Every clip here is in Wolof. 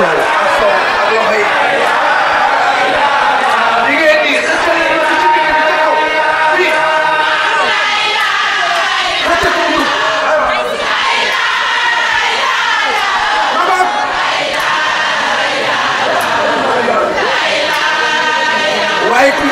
a s s Like Asshole. a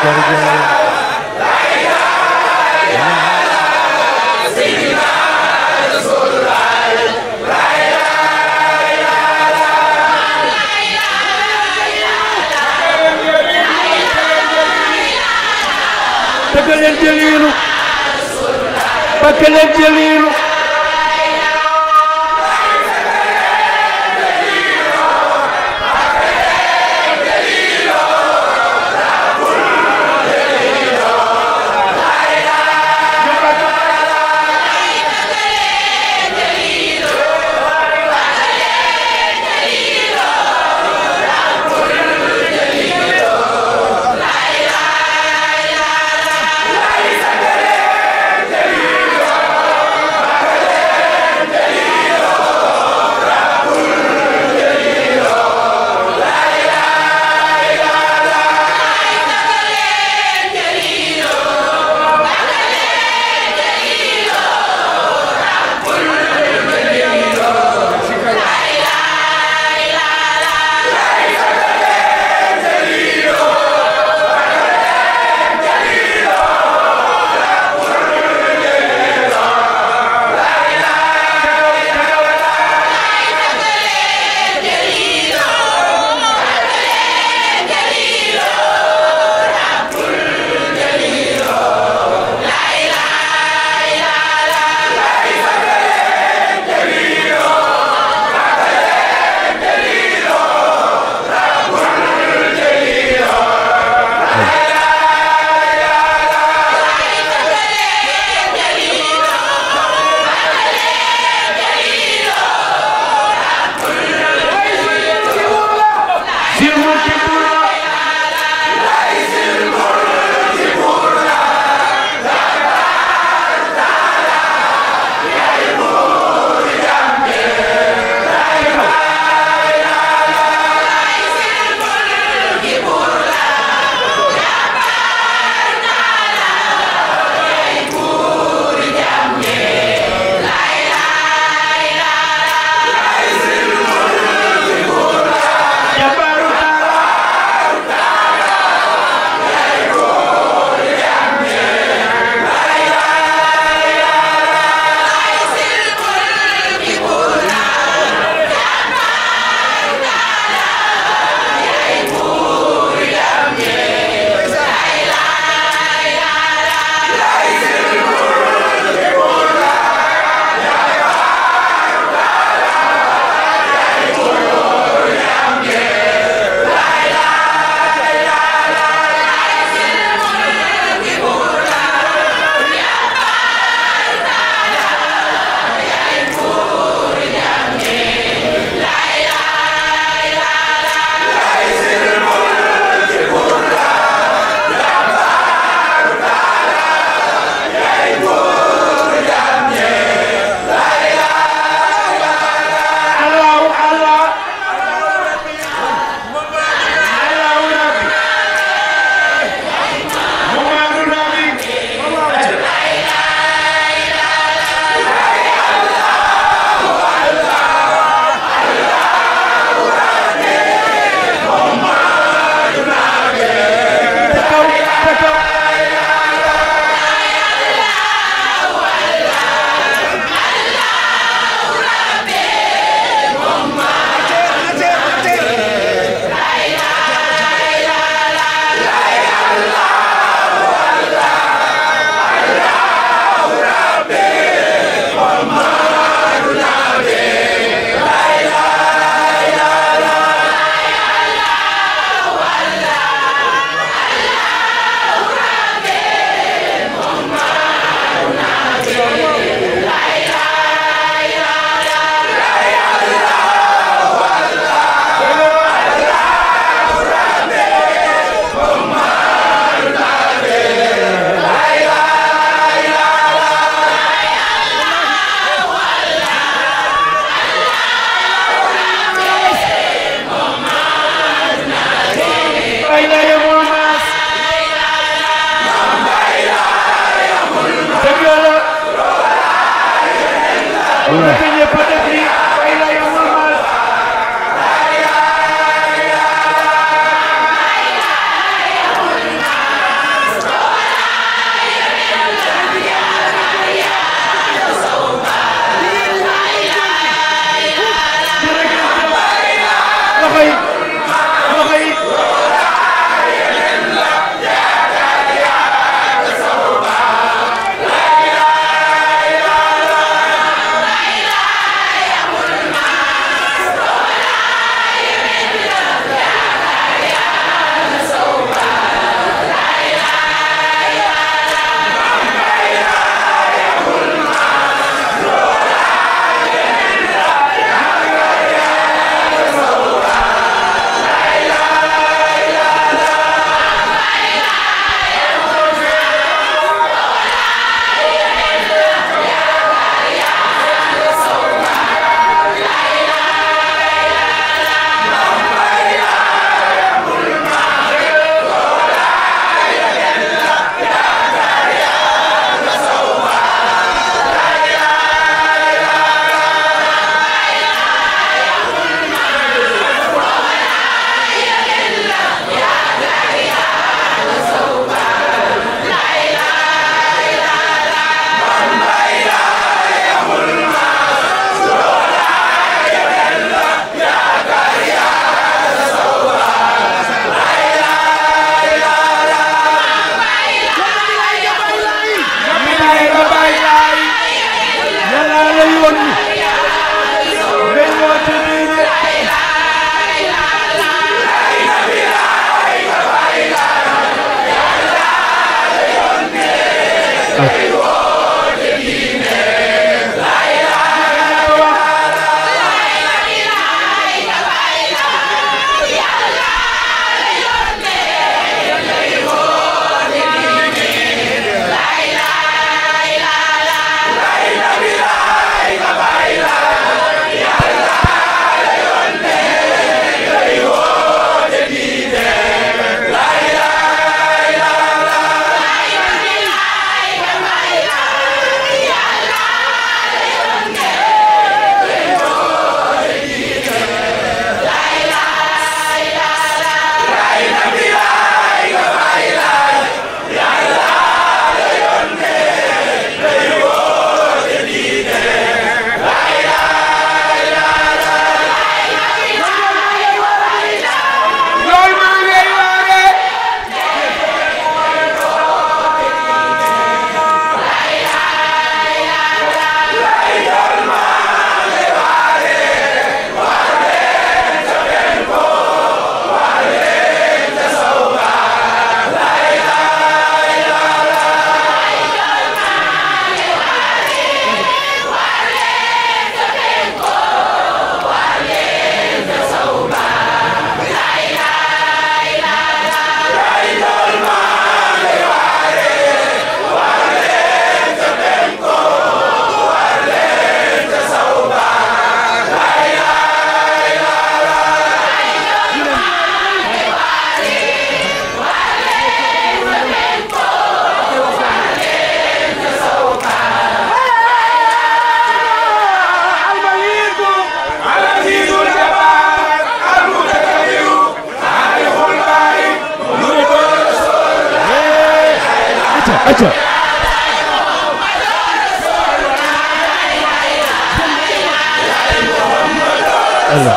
keluarga Bakal Angelino Bakal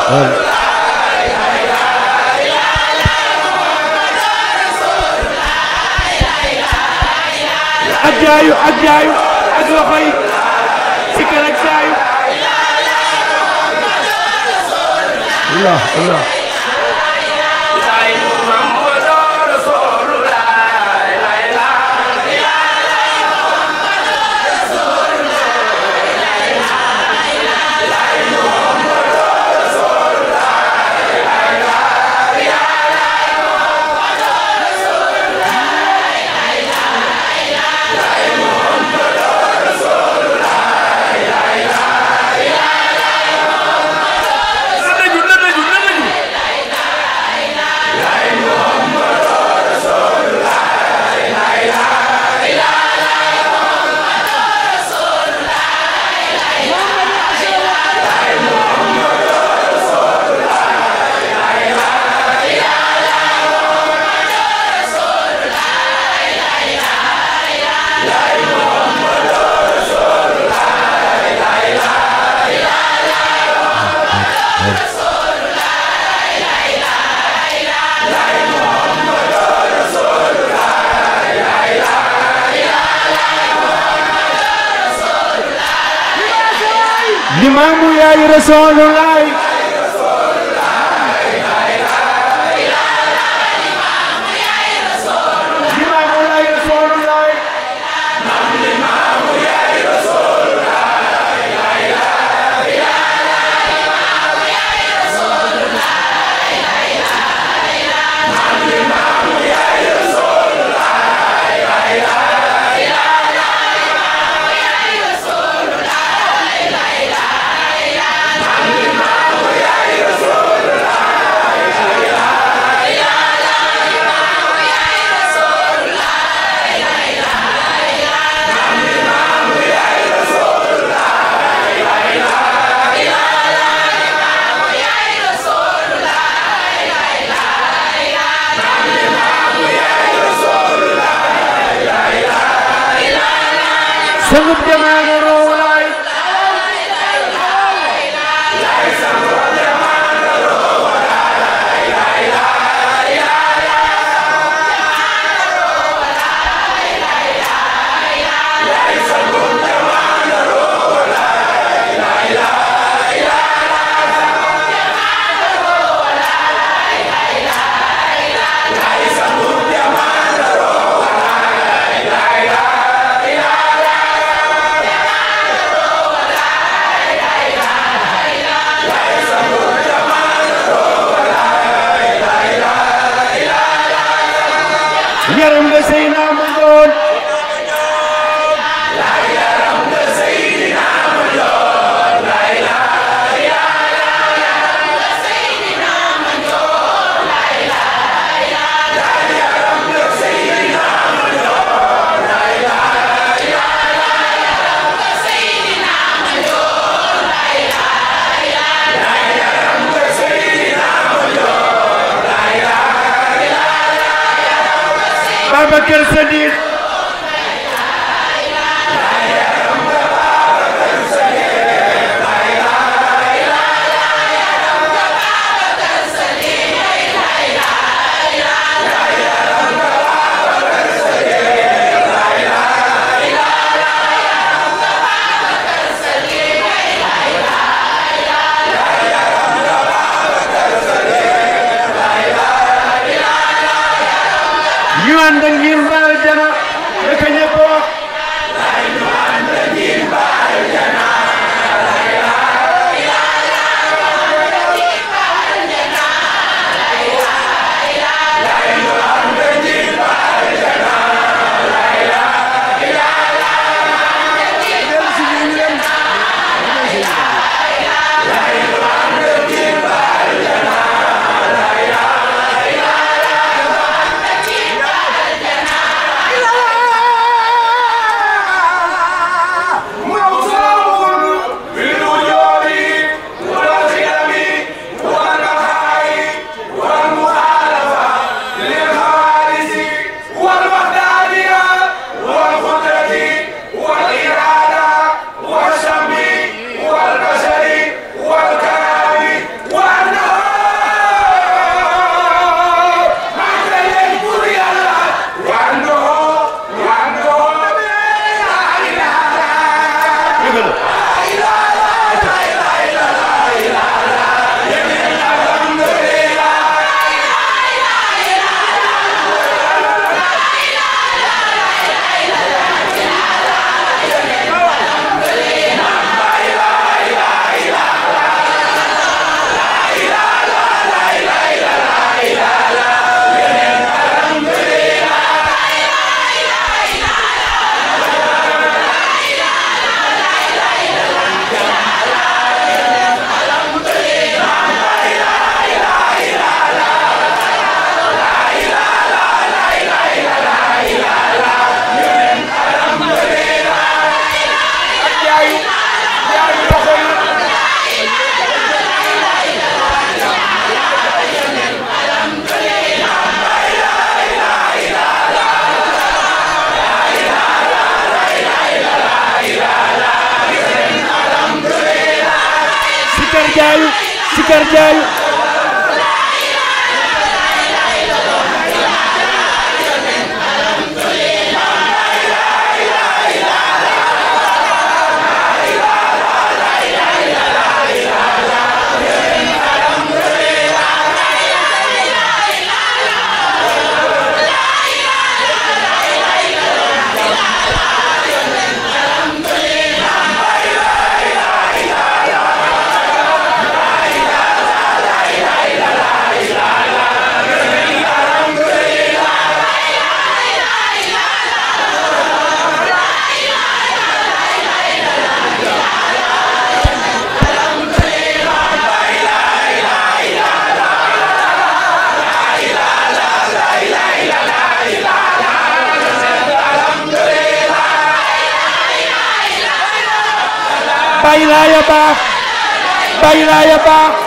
Um, ak jaayu ak jaayu ak Allah Allah the song alive. Babacar Sadikh 越来越发。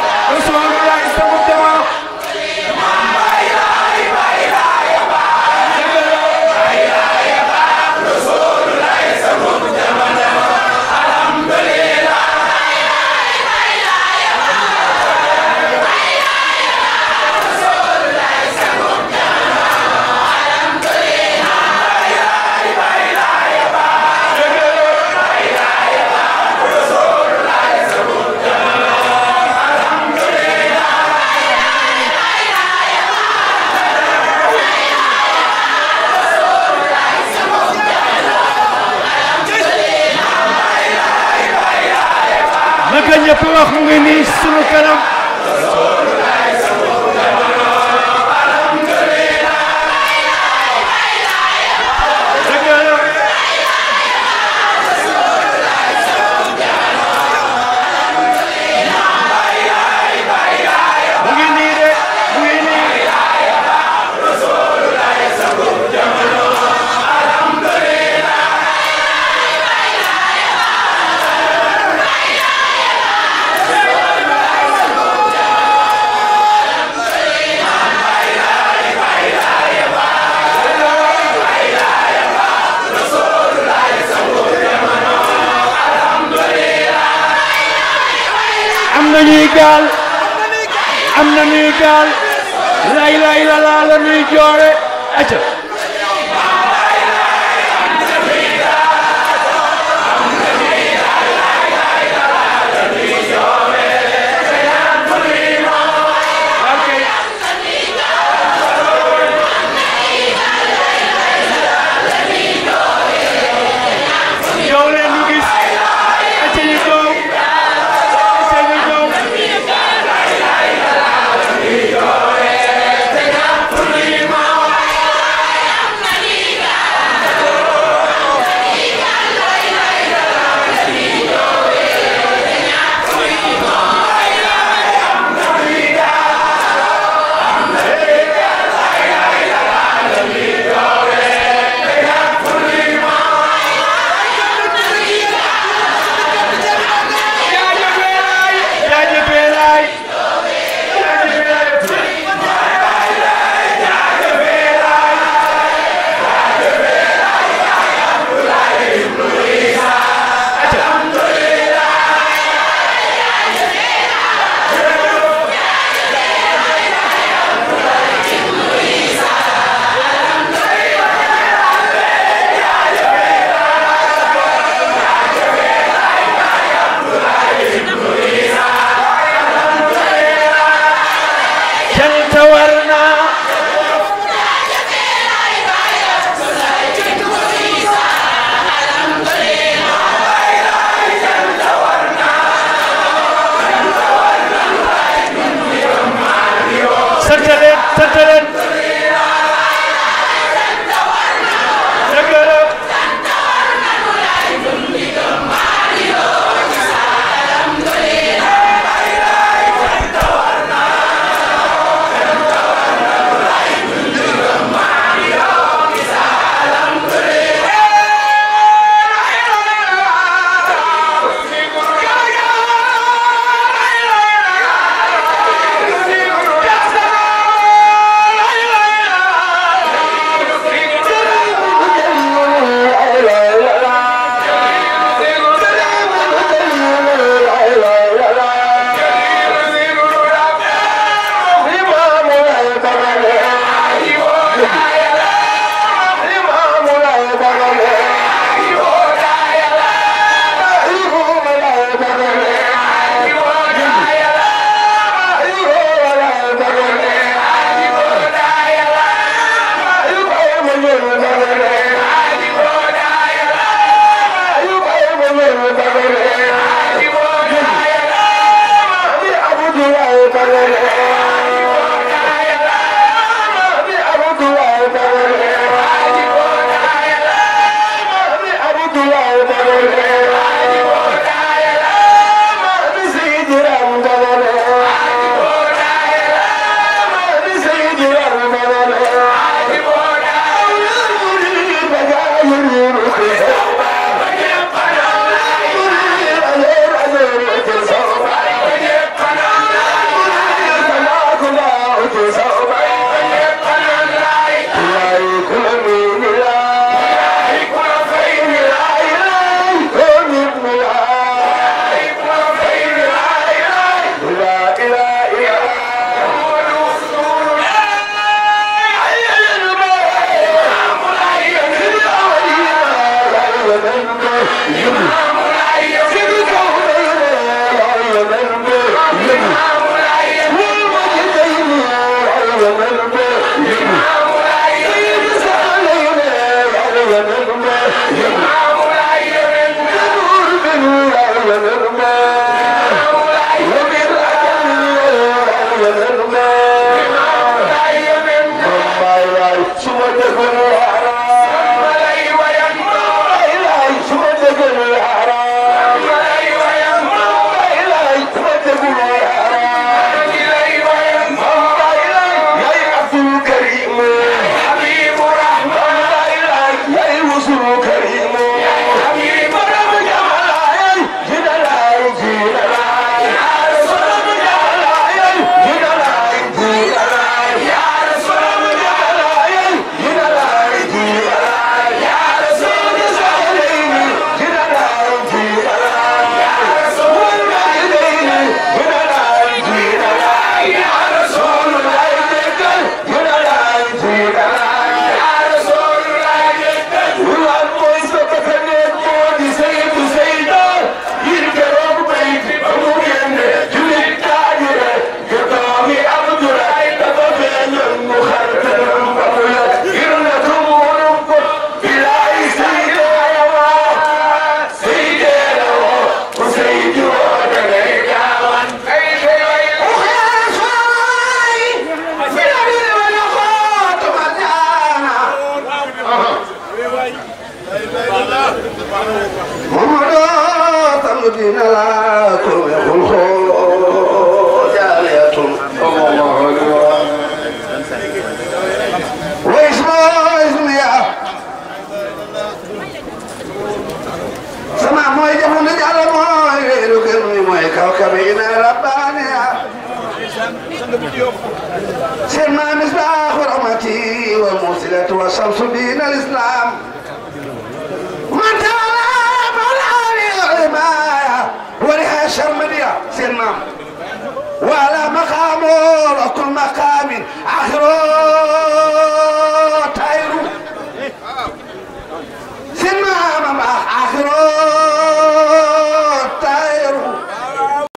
ñuy gaal am na ñuy gaal lay lay la laa la ñuy joore aca